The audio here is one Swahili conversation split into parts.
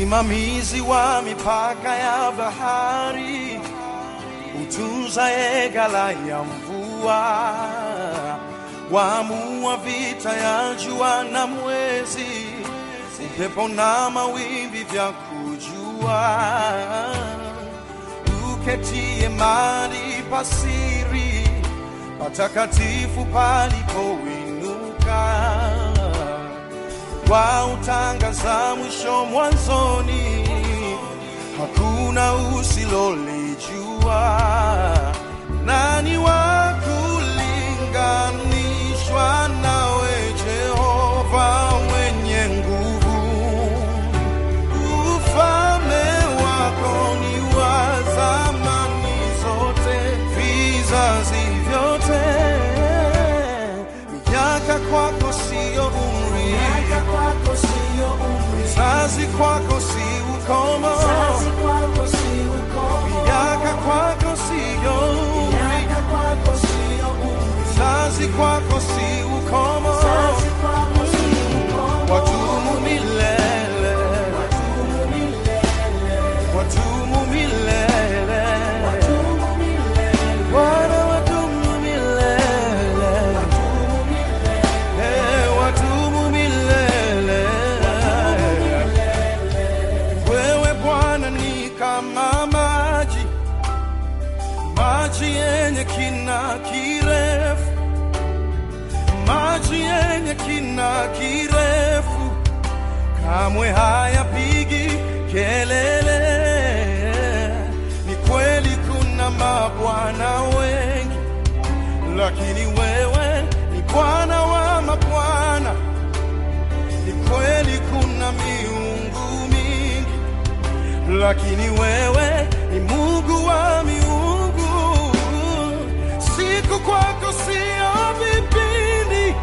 msimamizi wa mipaka ya bahari, utunzaye ghala ya mvua, waamua vita ya jua na mwezi, upepo na mawimbi vya kujua, uketie mali pasiri patakatifu palipo utangaza mwisho mwanzoni, hakuna usilolijua. Nani wa kulinganishwa nawe, Jehova mwenye nguvu? Ufalme wako ni wa zamani zote, vizazi vyote, miaka kwako siyo quasi qua così come yenye kina kirefu, maji yenye kina kirefu kamwe hayapigi kelele. Ni kweli kuna mabwana wengi, lakini wewe ni Bwana wa mabwana. Ni kweli kuna miungu mingi, lakini wewe ni Mungu wa miungu. qua così, oh bibini,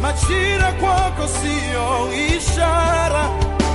ma c'era qua così, oh ishara.